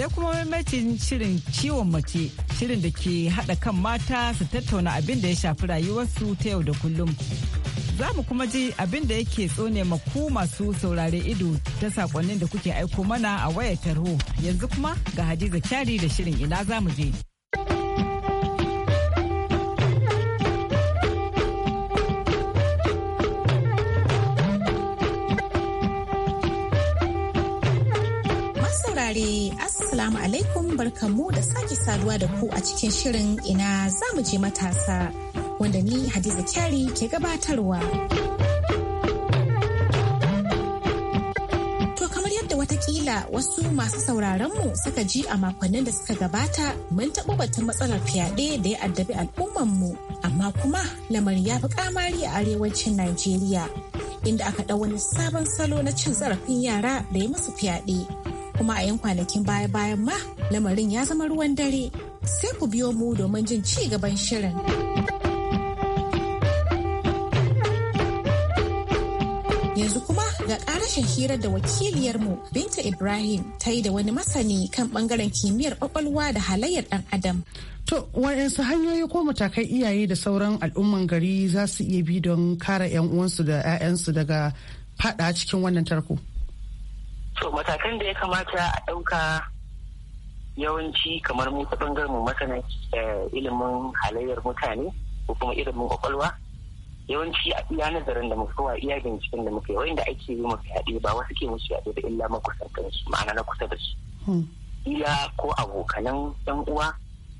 sai kuma maimacin shirin ciwon mace shirin da ke haɗa kan mata su tattauna abin da ya shafi rayuwarsu ta yau da kullum za mu kuma ji abin da yake tsone maku masu saurare ido ta sakonnin da kuke aiko mana a wayar tarho yanzu kuma ga hadiza kyari da shirin ina za mu je Assalamu alaikum barkamu da sake saduwa da ku a cikin shirin ina za je matasa wanda ni Hadiza Kyari ke gabatarwa. To kamar yadda watakila wasu masu sauraronmu suka ji a makonnin da suka gabata mun taɓa batun matsalar fyaɗe da ya addabi al'ummanmu amma kuma lamarin ya fi kamari a arewacin Najeriya inda aka ɗau wani sabon salo na cin zarafin yara da ya musu fyaɗe. kuma a 'yan kwanakin baya-bayan ma lamarin ya zama ruwan dare sai ku biyo mu domin jin ci gaban shirin. Yanzu kuma ga karashin hira da wakiliyarmu Binta Ibrahim ta yi da wani masani kan ɓangaren kimiyyar ƙwaƙwalwa da halayyar ɗan adam. To, wa'yansu hanyoyi ko matakai iyaye da sauran al'umman gari za su iya bi don kare 'yan uwansu da 'ya'yansu daga fada cikin wannan tarko? so matakan da ya kamata a ɗauka yawanci kamar mu ta ɓangaren mu masana eh, ilimin halayyar mutane ko kuma ilimin kwakwalwa yawanci a iya nazarin da muka wa iya binciken da muka yi wanda ake yi mafi haɗe ba wasu ke musu yaɗe da illa makusantan su ma'ana na kusa da su hmm. iya ko abokanan ɗan uwa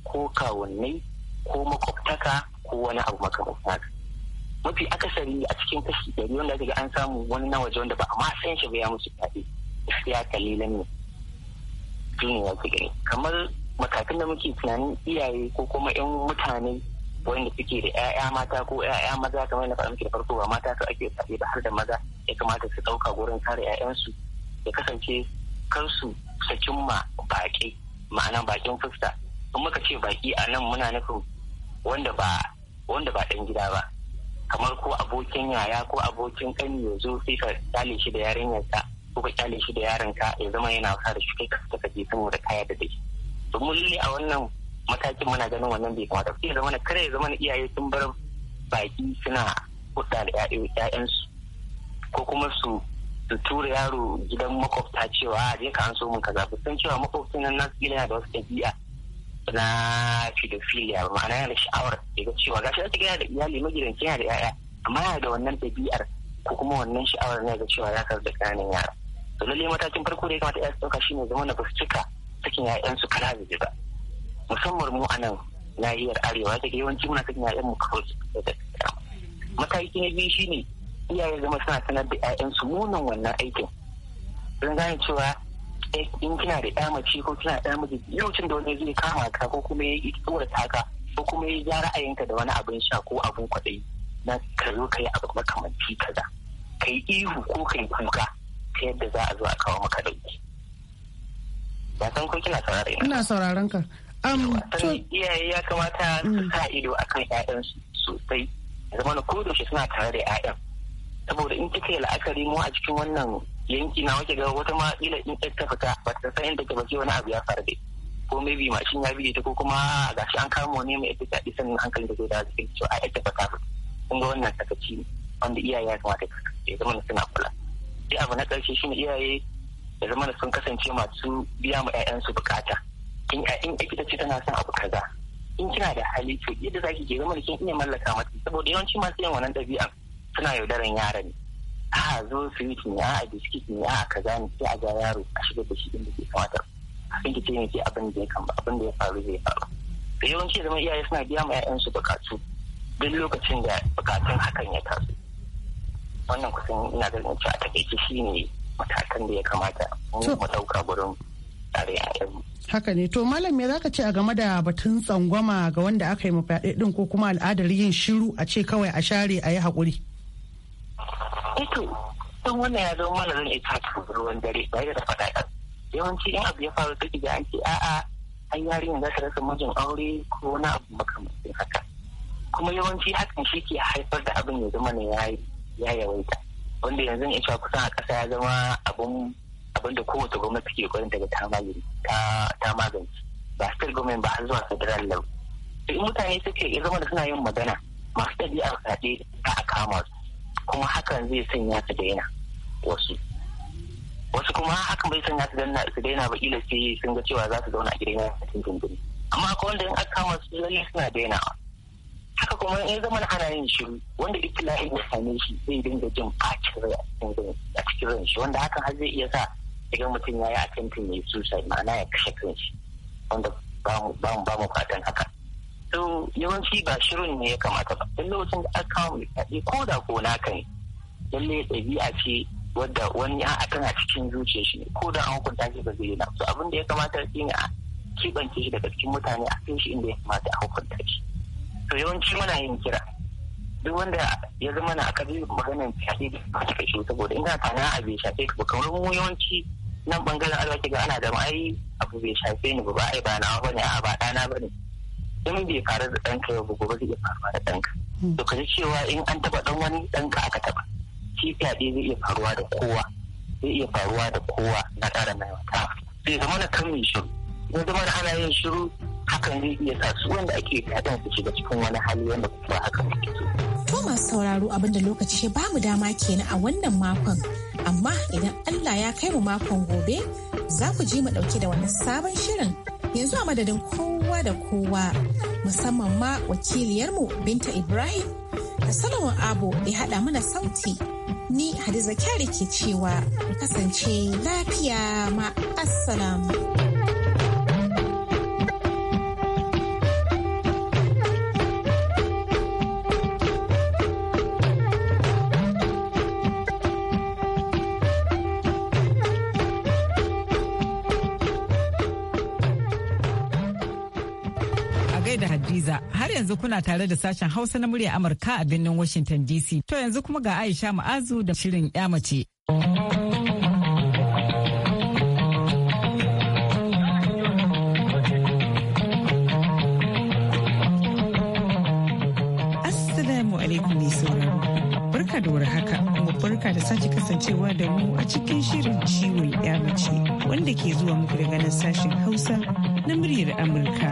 ko kawunnai ko makwabtaka ko wani abu makamancin haka mafi akasari a cikin kashi ɗari wanda aka an samu wani na waje wanda ba a ma san shi ba ya musu yaɗe gaskiya kalilan ne jini ya za gani kamar matakan da muke tunanin iyaye ko kuma yan mutane wanda suke da 'ya'ya mata ko 'ya'ya maza kamar na faɗa muke da farko ba mata su ake tsaye ba har da maza ya kamata su ɗauka gurin kare 'ya'yansu ya kasance kansu sakin ma baƙi ma'ana baƙin fuska in muka ce baƙi a nan muna nufin wanda ba wanda ba ɗan gida ba kamar ko abokin yaya ko abokin ƙani ya zo sai ka tsale shi da yarinyarsa ko ka kyale shi da yaron ka ya zama yana wasa da shi kai ka je saboda kaya da dai domin a wannan matakin muna ganin wannan bai kamata ya zama kare ya zama iyaye sun bar baki suna hudda da su ko kuma su su tura yaro gidan makwabta cewa a je ka an so mun kaza sun cewa makwabtan nan nasu yana da wasu ɗabi'a na ba ma'ana yana da sha'awar ya ga cewa gashi wata gaya da iyali magidanci yana da 'ya'ya amma yana da wannan ɗabi'ar ko kuma wannan sha'awar na ga cewa ya karɓi ƙananan yara to lalle matakin farko da ya kamata ya ɗauka shine zama na basu cika sakin ƴaƴan su kana da ba musamman mu a nan nahiyar arewa ke yawanci muna sakin ƴaƴan mu kawai mataki na biyu shine iyaye zama suna sanar da ƴaƴan su munin wannan aikin don gane cewa eh, in kina da ƴa mace ko kina da ƴa mace lokacin da wani zai kama ka ko kuma ya yi tsora taka ko kuma ya ja ra'ayinka da wani abin sha ko abin kwaɗayi na ka zo ka yi abu makamanci kaza ka yi ihu ko ka yi kuka ta yadda za a zo a kawo maka dauki ba san ko kina saurare ina sauraron ka um iyaye ya kamata su mm. sa ido akan ƴaƴan sosai zama ko da suna tare da ƴaƴan saboda in kika yi la'akari mu a cikin wannan yanki na wake ga wata ma ila in ta fita ba ta san yadda ta baki wani abu ya faru da ko maybe mashin ya bige ta ko kuma gashi an kama wani mai ita ta sannan hankali da zai da cikin cewa a ita fita kun ga wannan sakaci wanda iyaye ya kamata ya zama suna kula sai abu na ƙarshe shine iyaye da zama da sun kasance masu biya ma 'ya'yansu bukata in in ita ce tana son abu kaza in kina da hali to yadda zaki ke zama da kin iya mallaka mata saboda yawanci masu yin wannan ɗabi'a suna yaudaran yaran ne a zo su ne a biskit ne a kaza ne sai a ga yaro a shiga da shi inda ke kamata abin da ke abin da ya kama abin da ya faru zai faru da yawanci zama iyaye suna biya ma 'ya'yansu bukatu duk lokacin da bukatun hakan ya taso wannan kusan ina da zance a takaice ne matakan da ya kamata mu dauka gurin tsare yayan haka ne to malam me zaka ce a game da batun tsangwama ga wanda aka yi mafaɗe din ko kuma al'adar yin shiru a ce kawai a share a yi haƙuri eto eh don wannan ya zama malamin ita ta ruwan dare ba da faɗa yawanci in abu ya faru duk da ake ce a'a an ne za ta rasa mijin aure ko na abu makamancin haka kuma yawanci hakan shi ke haifar da abin ya zama na yayi ya yawaita wanda yanzu in sha kusan a ƙasa ya zama abin da kowace gwamnati ke kwarin daga ta magani, ba state government ba har zuwa federal level in mutane suke ya zama da suna yin magana masu ɗabi'ar kaɗe ta a kama su kuma hakan zai sanya su daina wasu wasu kuma hakan bai sanya su daina su daina ba ila sai sun ga cewa za su zauna a gidan yasin dundun amma akwai wanda in aka kama su zai suna dainawa haka kuma in zama ana yin shiru wanda ibtila'in ya same shi zai dinga jin bacin rai a cikin ran shi wanda hakan har zai iya sa idan mutum ya yi a tantin mai suicide ma'ana ya kashe shi wanda ba mu ba mu fatan haka to yawanci ba shirin ne ya kamata ba duk lokacin da aka kawo misali ko da ko na kan lalle a ce wadda wani a a cikin zuciya shi ko da an hukunta shi ba zai yi na abin da ya kamata shi ne a kibance shi daga cikin mutane a kai shi inda ya kamata a hukunta shi to yawanci muna yin kira duk wanda ya zama na akabi maganar shafi da ba su kashe saboda ina ka tana a bai shafe ka ba kamar mu yawanci nan bangaren arziki ga ana da ma'ai abu bai shafe ni ba ba ai ba nawa bane a ba dana bane in bai faru da ɗanka ba gobe zai iya faruwa da ɗanka hmm. to ka ji cewa in an taɓa ɗan wani ɗanka aka taɓa shi fyaɗe zai iya faruwa da kowa zai iya faruwa da kowa na ƙara mai wata zai zama na kan mai shiru zai zama da ana yin shiru hakan zai iya sa su wanda ake fatan su shiga cikin wani hali wanda ba haka muke so. To masu sauraro abinda lokaci ya bamu dama kenan a wannan makon amma idan Allah ya kai mu makon gobe za ku ji mu dauke da wani sabon shirin yanzu a madadin kowa da kowa musamman ma wakiliyarmu Binta Ibrahim da salomon abu ya haɗa mana sauti ni Hadiza Kyari ke cewa kasance lafiya ma assalamu. Hadiza. Har yanzu kuna tare da sashen Hausa na murya Amurka a birnin Washington DC. To yanzu kuma ga Aisha Ma'azu da shirin 'ya Assalamu alaikum mai sauraro. Barka da haka barka da sake kasancewa da mu a cikin shirin ciwon yamace wanda ke zuwa muku daga nan sashen Hausa na muryar Amurka.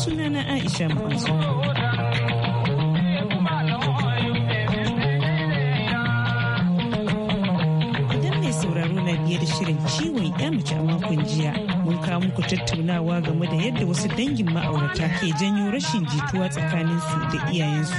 sunana Aisha Idan mai sauraro na biyar shirin ciwon ya mace a makon jiya kawo muku tattaunawa game da yadda wasu dangin ma'aurata ke janyo rashin jituwa tsakanin su da iyayensu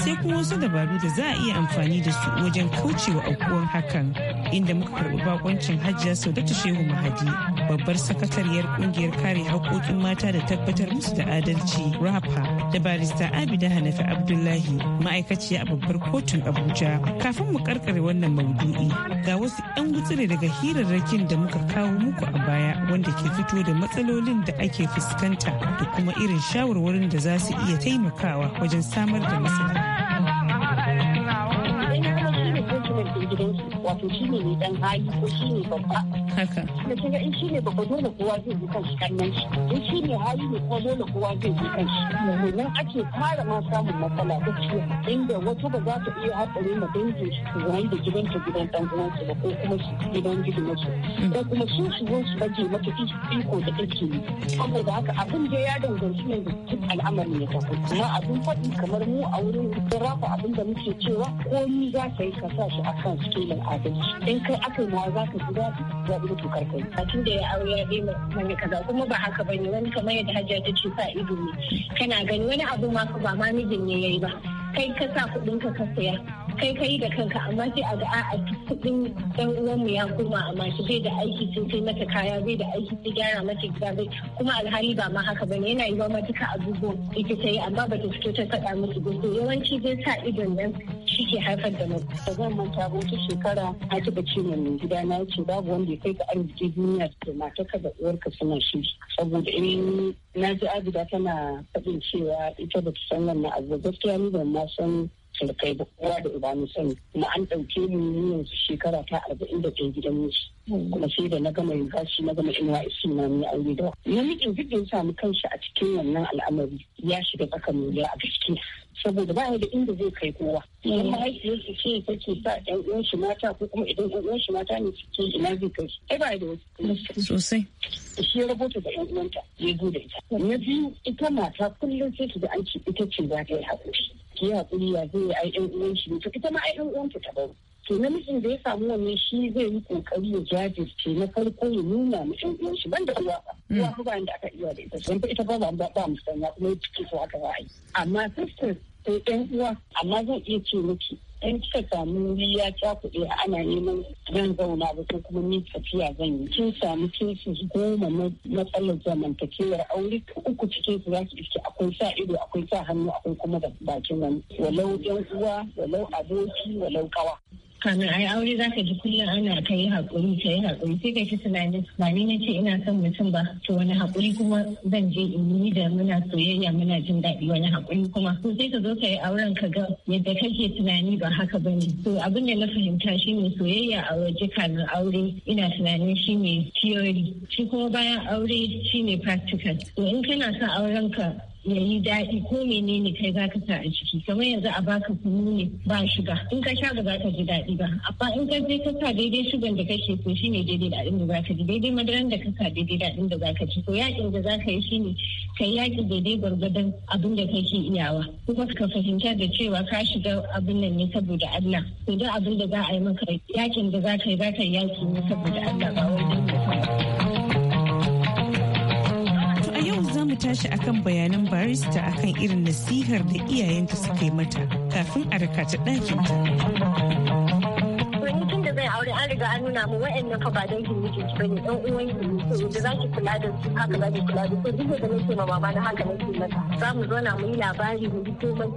sai kuma wasu dabaru da za a iya amfani da su wajen kaucewa aukuwar hakan inda muka karɓi bakoncin hajiya da shehu mahadi babbar sakatariyar ƙungiyar kare haƙoƙin mata da tabbatar musu da adalci rapa da barista abida hanafi abdullahi ma'aikaciya a babbar kotun abuja kafin mu karkare wannan maudu'i ga wasu 'yan gutsire daga hirarrakin da muka kawo muku a baya wanda ke fito da matsalolin da ake fuskanta da kuma irin shawarwarin da za su iya taimakawa wajen samar da masana. wato shi ne mai dan hali ko shi ne babba haka da kin ga in shine babba dole kowa zai yi kanshi kannan shi in shine hali ne kuma dole kowa zai yi kanshi domin ake fara ma samun matsala gaskiya inda wata ba za ta iya haɗari ma dangin su yayin da gidan ta gidan dan uwan su ba ko kuma su gidan gidan su ko kuma su su zo su baje mata iko da take ne saboda haka abin da ya danganci ne da al'amarin ya tafi kuma abin faɗi kamar mu a wurin rafa abin da muke cewa komi za ka yi ka sa shi akan skilin adalci in kai aka yi ma za ka ji daɗi rubutu a tun da ya aure ya ɗaya mani kaza kuma ba haka bane wani kamar yadda hajjia ta ce sa ido ne kana gani wani abu ma ba ma mijin ne ya yi ba kai ka sa kuɗin ka ka saya kai ka yi da kanka amma sai a ga a kuɗin uwan mu ya koma amma shi bai da aiki sun kai mata kaya bai da aiki sun gyara mata gida bai kuma alhali ba ma haka bane yana yi ma duka abubuwan ita ta yi amma ba ta fito ta faɗa musu ba yawanci zai sa idon nan shi ke haifar da mutu da zan manta wata shekara a taɓa ce mai gida na ce babu wanda ya kai ka arziki duniya da ka da uwar ka suna shi saboda in na ji abida tana faɗin cewa ita ba ta san wannan abu gaskiya ni ban ma san sun kai ba kowa da uba ni sani kuma an ɗauke ni yanzu shekara ta arba'in da ɗaya gidan musu. Hmm. kuma sai da na gama gashi na gama isi na ni aure da wa. duk da ya samu kanshi a cikin wannan al'amari ya shiga tsakan wuya a gaske saboda ba da inda zai kai kowa idan hmm. mahaifiyar ce take sa ɗan uwan shi mata ko kuma idan ɗan uwan shi mata ne suke ina zai kai ai ba da wasu sosai shi ya rabota da ɗan uwanta ya zo da ita na biyu ita mata kullum sai ta ga an ce ita ce za ta yi haƙuri ki hakuri ya zai ai ƴan uwan shi to ita ma ai ƴan uwan ta daban to namijin da ya samu wannan shi zai yi kokari ya jajirce na farko ya nuna mu ƴan uwan shi banda uwa uwa ba mm. da aka iya da ita don ita ba ba ba musanya kuma ya cike so aka ba amma sisters sai ɗan uwa amma zan iya ce miki in kika samu wuri ya cakuɗe ana neman zan zauna ba sai kuma ni tafiya zan yi kin samu kesi goma na matsalar zamantakewar aure uku cikin su za su iske akwai sa ido akwai sa hannu akwai kuma da bakin wani walau yan uwa walau aboki walau kawa kamar ai aure zaka ji kullum ana ka yi haƙuri ka yi haƙuri sai ka ji tunanin ba ni na ina son mutum ba to wani hakuri kuma zan je in yi da muna soyayya muna jin daɗi wani hakuri kuma to sai ka zo ka yi auren ka ga yadda kake tunani ba haka ba ne to abin da na fahimta shi shine soyayya a waje kamar aure ina tunanin shine theory shi kuma bayan aure shine practical to in kana son auren ka ya yi daɗi ko menene kai za ka sa a ciki kamar yanzu a baka kunu ne ba shuga in ka sha ba za ka ji daɗi ba amma in ka je ka sa daidai shugan da kake so shine daidai daɗin da za ka ji daidai madaran da ka sa daidai daɗin da za ka ji to yakin da za ka yi shine ka yaki daidai gwargwadon abin da kake iyawa kuma ka fahimta da cewa ka shiga abin nan ne saboda Allah to duk abin da za a yi maka yakin da za ka yi za ka yi yaki ne saboda Allah ba wai don yau za mu tashi akan bayanan barista akan irin nasihar da iyayenta suka yi mata kafin a raka ta zai aure an riga an nuna mu wa'annan fa ba don ki miji ki bane ɗan uwan ki ne to da zaki kula da su haka za ki kula da su duk da nake ma mama na haka nake mata za mu zauna mu yi labari mu ji komai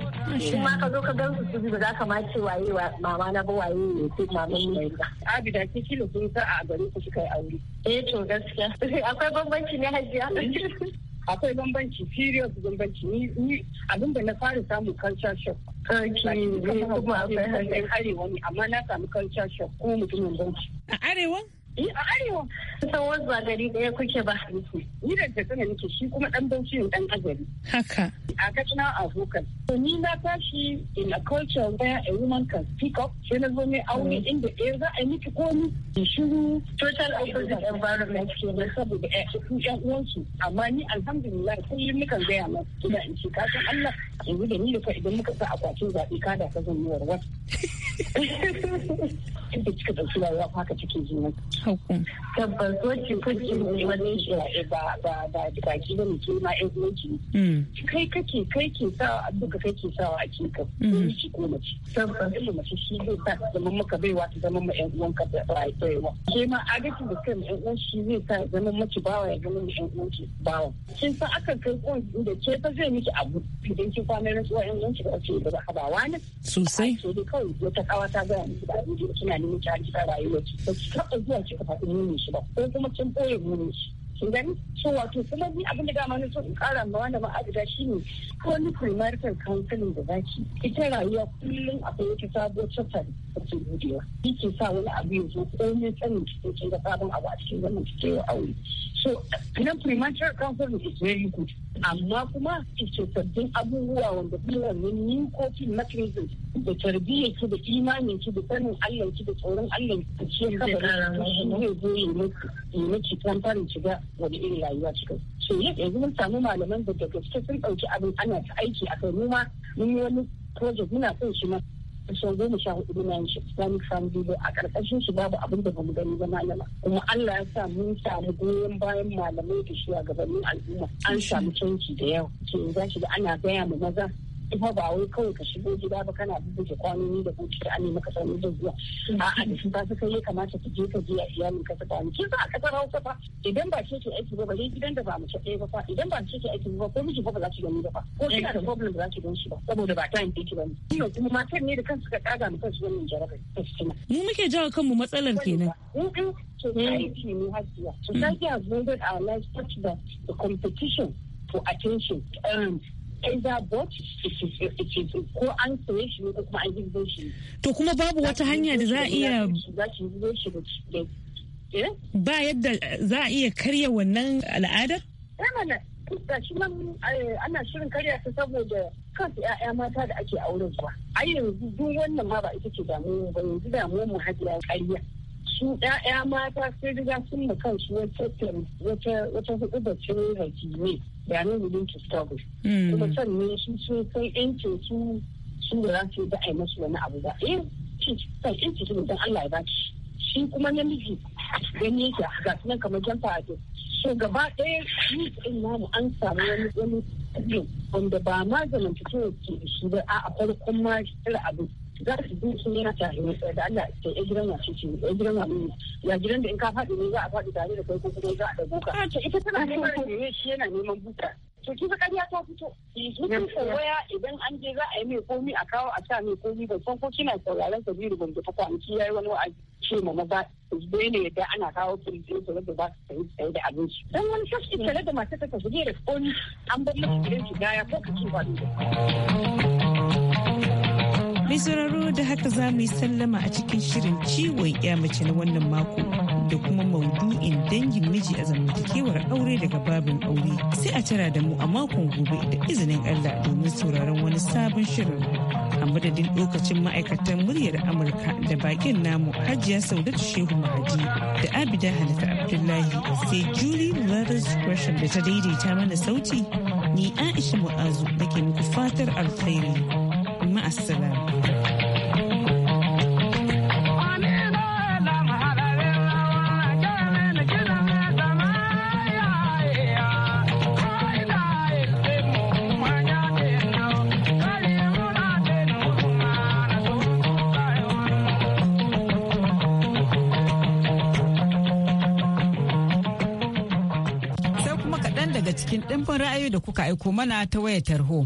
in ma ka zo ka gan su su ba za ka ma ce waye mama na ba waye ne ko maman ne abida ki kilo kun sa a gari ku kika yi aure eh to gaskiya akwai bambanci ne hajiya akwai bambanci serious bambanci ni abin da na fara samu culture shock sarki kuma akwai hanyar arewa ne amma na samu culture shock ko mutumin bambanci. a arewa Ni eh, a arewa. Sauwar ba gari ɗaya kuke ba. Ni da Katsina nake shi kuma ɗan Bauchi ne ɗan Azari. Haka. A Katsina a Hukar. To ni na tashi in a culture where a woman can speak up. Sai na zo mai aure mm. inda ɗaya eh, za a yi miki komi. In shiru total opposite environment ke na saboda eh, ƴan uwansu. Amma ni alhamdulillah kullum nukan gaya masu gida in ce kasan Allah. Yanzu da ni da ka idan muka sa akwatin zaɓe kada ka zan yi warwar. Inda kika ɗauki rayuwa haka cikin jinin. ku. Tabbas wacce kake wani shi ba ba ba baki ba mutum ma ɗan uwanki. Mm. Kai kake kai ke sa duka kai ke sawa a cikin ka. Mm. Shi ko mace. Tabbas ilmi mace shi zai sa ta zama maka baiwa ta zama ma ɗan uwanka da rayuwa. Ke ma a adalci da kan ma uwan shi zai sa zama mace bawa ya zama ma ɗan uwanki bawa. Kin san aka kai uwan da ke fa zai miki abu idan ki kwana rantsuwa ɗan uwanki ba ce da ba ka ba wani. Sosai. Ake dai kawai wata kawa ta gaya miki da abin da kina neman ki hanci ta rayuwa ki. Ba ki taɓa zuwa ki suka faɗi munin su ba ko kuma kin ɓoye munin su gani so wato kuma ni abin da dama na so in kara ma wanda ma shi ne ko ni primarital counseling da zaki ita rayuwa kullum kai wata sabo chapter da ke budewa yake sa wani abu ya zo ko ne tsanin cikin kin da sabon abu a cikin wannan cikin aure so na primarital counseling is very good amma kuma ita sabbin abubuwa wanda kullum ne ni ko na da tarbiyyar ki da imanin ki da sanin Allah ki da tsoron Allah ki da kaba da zai zo yi miki tamfarin shiga wani irin rayuwa cika so yanzu mun samu malaman da daga cikin sun ɗauki abin ana ta aiki a kan noma mun yi wani project muna son shi ma kusan goma sha hudu na yin islamic family a ƙarƙashin shi babu abin da bamu gani ba malama kuma Allah ya sa mun samu goyon bayan malamai da shugabannin al'umma an samu canji da yawa ke za shi da ana gaya ma maza fa ba wai kawai ka shigo gida ba kana bubbuke kwanoni da bukiti an maka samu zuwa a'a da shi ba su kai ya kamata ka je ka je a iyalin ka saka ni kin a kasar Hausa fa idan ba ce ke aiki ba bare gidan da ba mu ce ɗaya ba fa idan ba ce ke aiki ba ko miji ba ba za ki gani ba fa ko kina da problem ba za ki ganshi ba saboda ba ta yanke ki ba ne kuma matan ne da kansu ka kaga mu kansu wannan jarabar mu muke jawo kanmu matsalar kenan society ne hajiya mm. society has made our lives such that the competition for attention um, either ko an saye shi ko an girbe shi to kuma babu wata hanya da za a iya eh? ba yadda za a iya karya wannan al'adar eh, shi nan eh, ana shirin karya ta saboda kansu 'ya'ya mata da ake auren kuwa. a yanzu duk wannan ma ba ita ce damuwa ba yanzu damuwa mu hajiya karya su ‘ya'ya mata sai riga sun ma kansu wata hudu da ce ne da ne wurin to struggle. Hmm. Kuma sannan su sun san ‘yancin su su da za su da a yi masu wani abu ba. Eh, san ‘yancin su mutum Allah ya ba shi. kuma namiji gani yake a gasu nan kamar jan fa'ado. So gaba ɗaya yi ɗin namu an samu wani wani wanda ba ma zamantakewa ke shi ba a farkon ma abin. za su bi su nera ta da Allah ta ya gidan wasu ce ya gidan wani ya gidan da in ka faɗi ne za a faɗi tare da kai ko kuma za a ɗago ka. Ah, ta ita tana neman ne shi yana neman buta. To kin ga ƙarya ta fito. Eh, Mutum waya idan an je za a yi mai komi a kawo a sa mai komi ban san ko kina sauraron Kabiru Gombe ta kwanaki yayi wani wa'azi ce ma maza zai ne yadda ana kawo firijin tare da za su sayi tsaye da abinci. Dan wani shafi tare da masu ta tafi da komi an bar lafi gidan shi gaya ko ka ci ba da. Mai sauraro da haka za mu yi sallama a cikin shirin ciwon ya mace na wannan mako da kuma maudu'in dangin miji a zamantakewar aure daga babin aure sai a tara da mu a makon gobe da izinin Allah domin sauraron wani sabon shirin. A madadin lokacin ma'aikatan muryar Amurka da bakin namu Hajiya Saudatu Shehu Mahadi da Abida halitta Abdullahi sai Julie Lathers Gresham da ta daidaita mana sauti ni Aisha Mu'azu da ke muku fatar alkhairi. daga cikin ɗimbin ra'ayoyi da kuka aiko mana ta wayar tarho.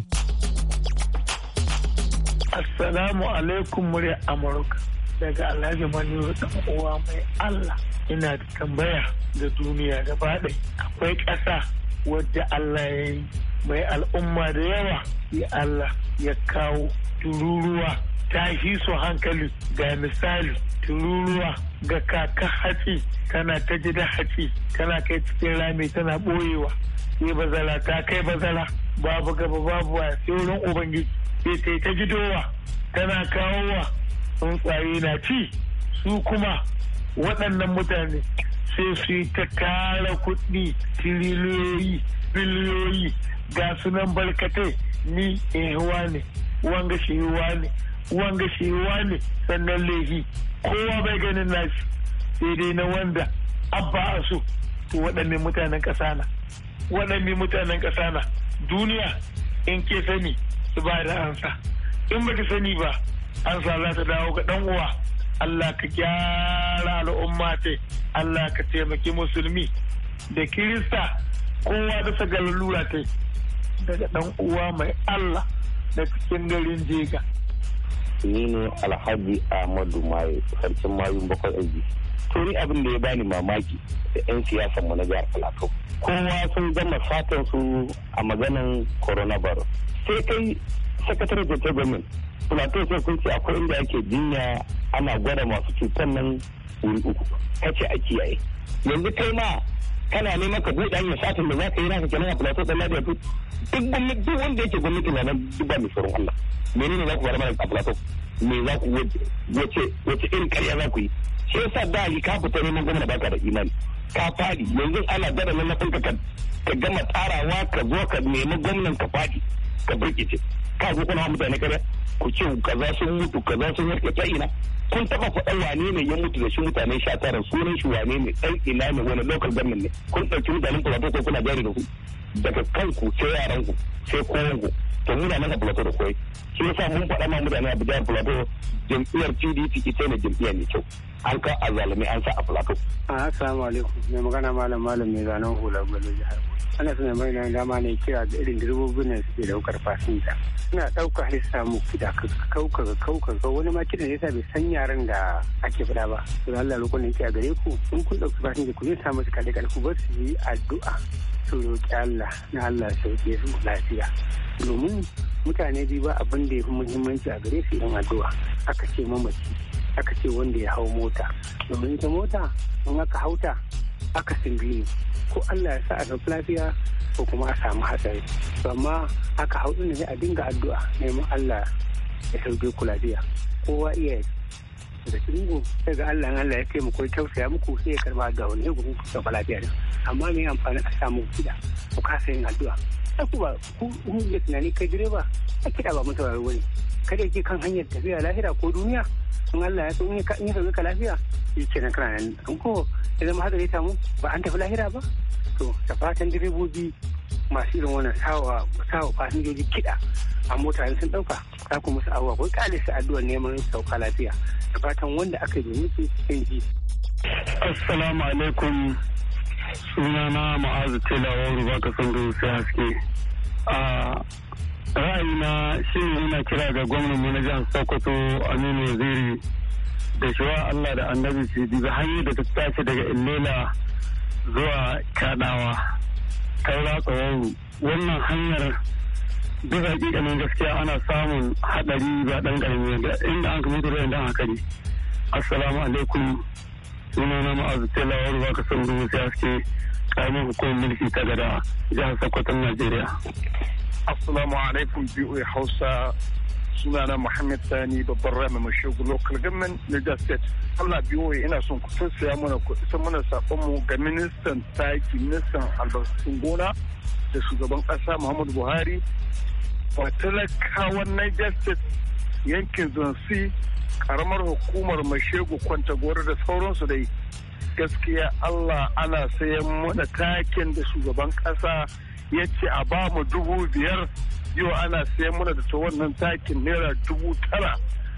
Assalamu alaikum murya Amurka daga Alhaji Maniru ɗan uwa mai Allah ina da tambaya da duniya da ɗaya akwai ƙasa wadda Allah ya yi mai al'umma da yawa ya Allah ya kawo tururuwa ta yi su hankali ga misali tururuwa ga kaka hatsi tana ta da hatsi tana kai cikin rami tana ɓoyewa sai bazala ta kai bazala babu gaba babu wa sai wurin ubangiji sai ta ta gidowa tana kawowa tsuntsaye na ci su kuma waɗannan mutane sai su yi ta kara kuɗi tiriliyoyi biliyoyi ga sunan barkatai ni ehuwa ne wanga shi ne wanga shi ne sannan lehi kowa bai ganin nashi sai dai na wanda abba a so to waɗanne mutanen ƙasa na waɗanne mutanen ƙasa na duniya in ke sani su ba da ansa in baki sani ba ansa za ta dawo ga dan uwa Allah ka gyara al'umma ce Allah ka taimaki musulmi da kirista kowa da sagar lura ta daga dan uwa mai Allah da cikin garin jega ni ne alhaji ahmadu maye sarkin mayun bakwai aji to ni abin da ya bani mamaki da 'yan siyasan mu na jihar plateau kowa sun gama fatan su a maganan coronavirus sai kai sakatare da gwamnati plateau sai kun ce akwai inda ake jinya ana gwada masu cutar nan wuri uku kace a kiyaye yanzu kai ma kana neman ka buɗe hanyar satin da za ka yi naka kenan a filato ɗan lafiya duk gwamnati duk wanda yake gwamnati na nan duk ba mai tsoron Allah menene za ku bar mana a filato me za ku wace wace irin karya za ku yi sai sa da yi ka fita neman gwamnati baka da imani ka fadi yanzu ana gada nan ka ka gama tsarawa ka zo ka nemi gwamnan ka fadi ka burkice ka zo kuna mutane kada ku ce kaza sun mutu kaza sun yarke ta ina kun taba faɗa wane ne ya mutu da shi mutane sha tara sunan shi wane ne ɗan ina ne wani local government ne kun ɗauki mutanen ku ko kuna gari da ku daga kanku sai ku sai kowanku to muna nan a plateau da kawai shi yasa mun faɗa ma mutane a bidiyar plateau jam'iyyar pdp ita ne jam'iyya ne kyau an ka a zalumi an sa a plateau. Ah, assalamu alaikum mai magana malam malam mai zanen hula gwalo jihar ana suna mai nan dama ne kira ga irin direbobin nan suke daukar fasinja suna ɗauka har samu kida ka kauka ka kauka ka wani ma kidan yasa bai san yaran da ake faɗa ba to Allah lokacin da yake a gare ku in kun ɗauki fasinja ku je samu su kalle kalle ku bar su yi addu'a su roƙi Allah na Allah sauke su lafiya domin mutane biyu ba abin da ya fi muhimmanci a gare su yan addu'a aka ce mamaci aka ce wanda ya hau mota domin ita mota in aka hauta aka simbi ne ko Allah ya sa a sauki lafiya ko kuma a samu hatsari amma aka hau ne a dinga addu'a neman Allah ya sauke ku lafiya kowa iya da kingo sai ga Allah Allah ya kai mu ko tausaya muku sai ya karba ga wani gurin ku saba lafiya amma me amfani a samu kida ku kasa yin addu'a ku ba ku da tunani kai direba a kida ba mutuwa wani kada ki kan hanyar tafiya lahira ko duniya in Allah ya so in ka ka lafiya shi kenan kana nan ko ya zama hadari samu ba an tafi lahira ba to da fatan direbobi masu irin wannan sawa fasinjoji kiɗa a mota sun ɗauka za ku musu abuwa ko ƙale su addu'a neman sauka lafiya da fatan wanda aka yi domin su sun ji. Assalamu alaikum sunana ma'azu telawa ruwa ka san sai haske. A ra'ayina shi ina kira ga gwamnan mu na jihar Sokoto Aminu Waziri da shiwa Allah da annabi su bi hanyar da ta tashi daga illela zuwa Kaɗawa. kan wannan hanyar duk hakikanin gaskiya ana samun haɗari ba dan karami da inda an kamata da inda haka ne assalamu alaikum suna na ma'azu telawar ba ka san dubu sai suke karamin hukumar mulki ta gada jihar sokoton najeriya assalamu alaikum biyu hausa sunana Muhammad Sani babban rami mai shugu local government Niger State. Allah biyo ina son ku saya mana ku isa mana sakonmu ga ministan taki ministan albarkatun gona da shugaban ƙasa Muhammadu Buhari. Wa talakawan Niger State yankin zansi karamar hukumar Mashegu Kwantagoro da sauransu dai gaskiya Allah ana sayan mana takin da shugaban ƙasa ya ce a ba mu dubu biyar yau ana sayar mana da wannan takin naira dubu tara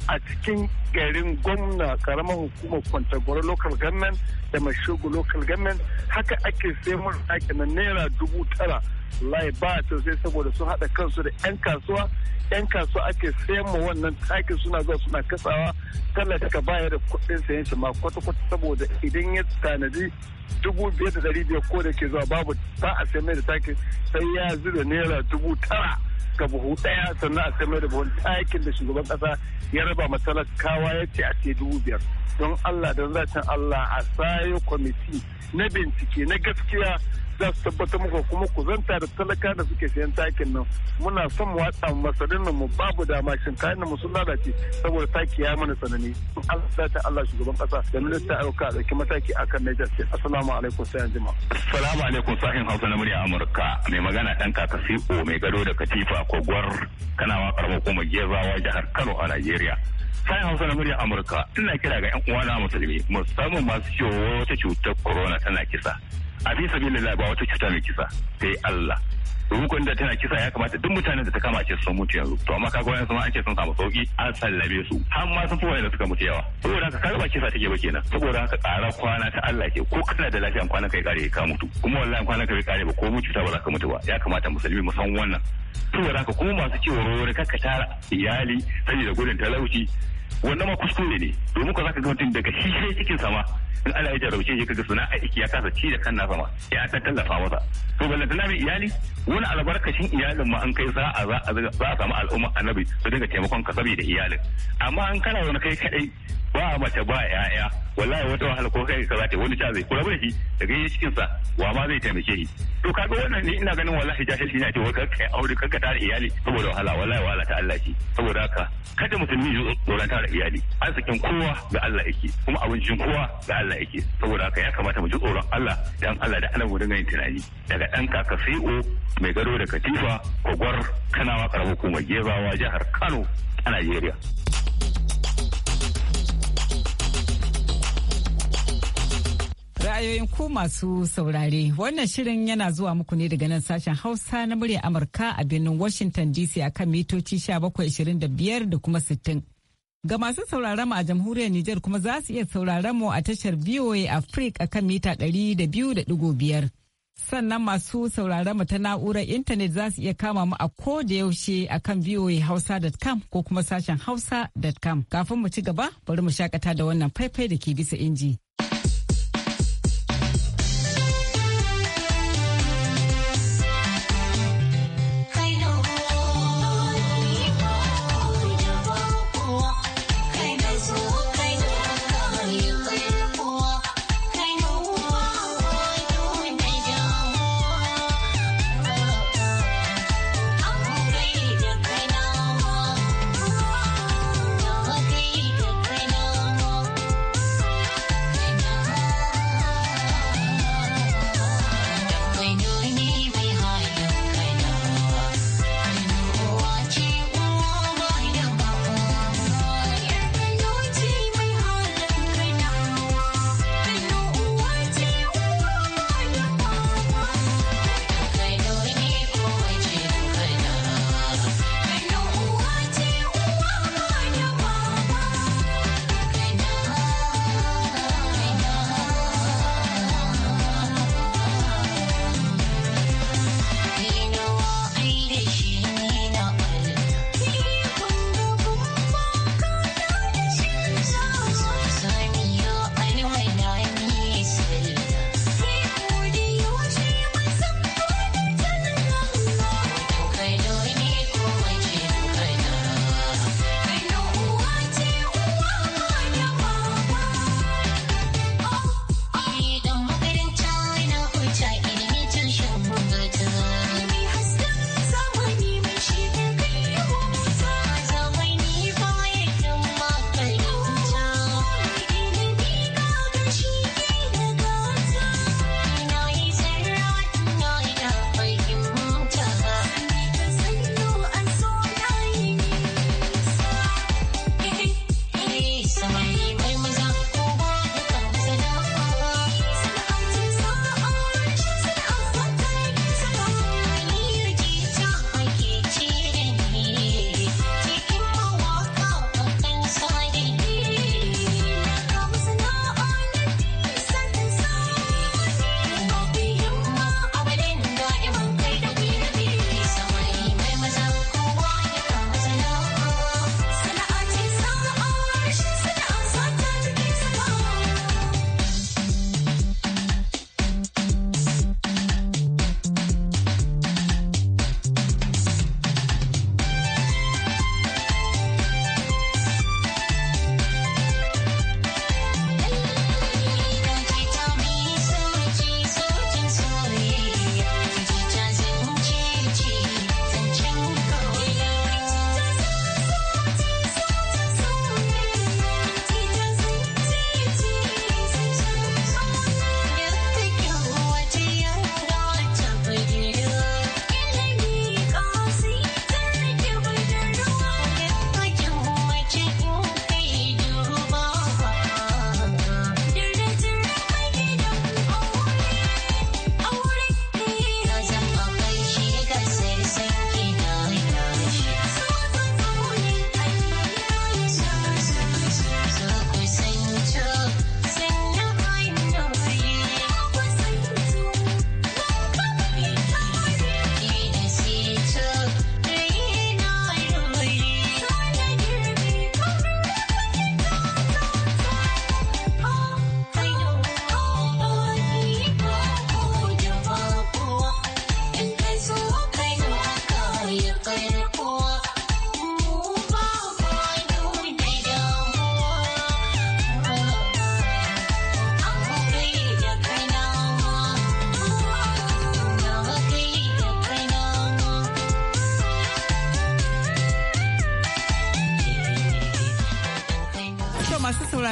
a cikin garin gwamna karamar hukumar kwantagwara local government da mashigo local government haka ake sai mun takin na naira dubu tara lai ba ta sai saboda sun haɗa kansu da 'yan kasuwa 'yan kasuwa ake sayan ma wannan takin suna zuwa suna kasawa tallata baya da kuɗin sayan shi ma kwata-kwata saboda idan ya tanadi dubu biyar da dari biyar ko da ke zuwa babu ba a sayan mai da takin sai ya zira naira dubu tara ga buhu ɗaya sannan a sai mai da buhun takin da shugaban ƙasa ya raba ma talakawa ya ce a ce dubu biyar don Allah don zacin Allah a sayo kwamiti na bincike na gaskiya za su tabbatar muku kuma ku zanta da talaka da suke sayan takin nan muna son mu watsa masarin nan mu babu dama shin kayan nan sun lalace saboda taki ya mana tsanani Allah ta Allah shugaban kasa da minista da kuma taki akan Niger State assalamu alaikum sai anjima assalamu alaikum sahin Hausa na murya Amurka mai magana dan kaka Siko mai gado da Katifa Kogwar kana wa karamar kuma Gezawa jihar Kano a Najeriya sayan hausa na murya amurka ina kira ga yan uwana musulmi musamman masu ciwo wata cutar corona tana kisa a sabi da ba wata cuta mai kisa sai Allah rukun da tana kisa ya kamata duk mutanen da ta kama ce sun mutu yanzu to amma kaga wayan sun ake sun samu sauki an sallame su har ma sun fi da suka mutu yawa saboda haka kaga ba kisa take ba kenan saboda haka tsara kwana ta Allah ke ko kana da lafiya kwana kai kare ka mutu kuma wallahi kwana kai kare ba ko mu cuta ba za ka mutu ba ya kamata musulmi mu san wannan saboda haka kuma masu cewa wani kakka tara iyali saboda gudun talauci wannan ma kuskure ne domin ko zaka ga mutum daga shi sai cikin sama in Allah ya jarabce shi kaga sana'a aiki ya kasa ci da kan nasa ma ya ta tallafa masa to ballan da nabi iyali wani albarkacin iyalin ma an kai sa'a za a za a samu al'umma annabi su dinga taimakon ka saboda iyalin amma an kana wani kai kadai ba mace ba ya'ya wallahi wata wahala ko kai za ta wani zai ko rabu shi daga yi cikin sa wa ma zai taimake shi to kaga wannan ne ina ganin wallahi jahilci ne ce wai kai aure kanka tare iyali saboda wahala wallahi wahala ta Allah shi saboda haka kada musulmi ya tsoron tara iyali arzikin kowa ga Allah yake kuma abincin kowa ga Allah yake saboda haka ya kamata mu ji tsoron Allah dan Allah da ana dinga yin tunani daga dan kaka CEO mai gado da katifa kogwar kanawa karamar kuma gebawa jihar Kano a Najeriya. ra'ayoyin ku masu saurare wannan shirin yana zuwa muku ne daga nan sashen hausa na murya amurka a birnin washington dc akan mitoci 1725 da kuma 60 Ga masu sauraron mu a jamhuriyar Nijar kuma za su iya sauraron mu a tashar VOA Africa akan mita biyar Sannan masu sauraron mu ta na'urar intanet za su iya kama mu a ko da yaushe a kan voahausa.com ko kuma sashen hausa.com. Kafin mu ci gaba, bari mu shakata da wannan faifai da ke bisa inji.